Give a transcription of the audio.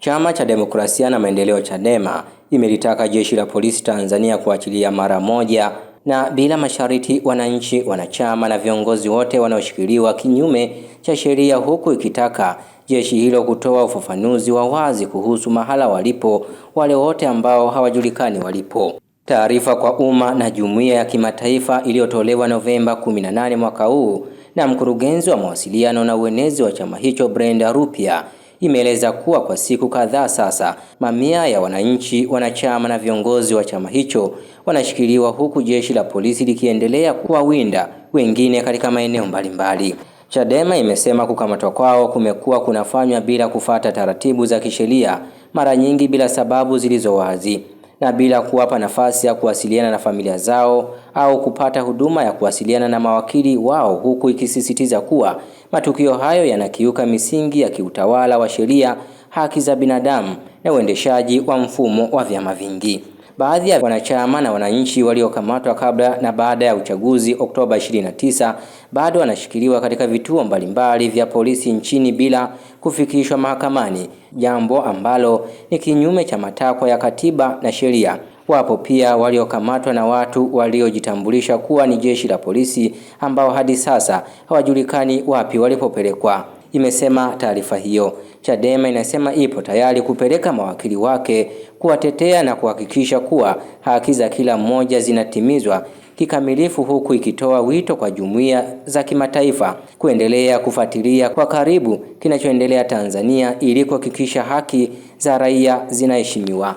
Chama cha Demokrasia na Maendeleo Chadema imelitaka jeshi la polisi Tanzania kuachilia mara moja na bila masharti wananchi, wanachama na viongozi wote wanaoshikiliwa kinyume cha sheria, huku ikitaka jeshi hilo kutoa ufafanuzi wa wazi kuhusu mahala walipo wale wote ambao hawajulikani walipo. Taarifa kwa umma na jumuiya ya kimataifa iliyotolewa Novemba 18 mwaka huu na mkurugenzi wa mawasiliano na uenezi wa chama hicho Brenda Rupia imeeleza kuwa kwa siku kadhaa sasa mamia ya wananchi, wanachama na viongozi wa chama hicho wanashikiliwa huku jeshi la polisi likiendelea kuwawinda wengine katika maeneo mbalimbali. Chadema imesema kukamatwa kwao kumekuwa kunafanywa bila kufata taratibu za kisheria, mara nyingi bila sababu zilizo wazi na bila kuwapa nafasi ya kuwasiliana na familia zao au kupata huduma ya kuwasiliana na mawakili wao, huku ikisisitiza kuwa matukio hayo yanakiuka misingi ya kiutawala wa sheria, haki za binadamu na uendeshaji wa mfumo wa vyama vingi baadhi ya wanachama na wananchi waliokamatwa kabla na baada ya uchaguzi Oktoba 29 bado wanashikiliwa katika vituo mbalimbali vya polisi nchini bila kufikishwa mahakamani, jambo ambalo ni kinyume cha matakwa ya katiba na sheria. Wapo pia waliokamatwa na watu waliojitambulisha kuwa ni jeshi la polisi ambao hadi sasa hawajulikani wapi walipopelekwa imesema taarifa hiyo. Chadema inasema ipo tayari kupeleka mawakili wake kuwatetea na kuhakikisha kuwa haki za kila mmoja zinatimizwa kikamilifu huku ikitoa wito kwa jumuiya za kimataifa kuendelea kufuatilia kwa karibu kinachoendelea Tanzania ili kuhakikisha haki za raia zinaheshimiwa.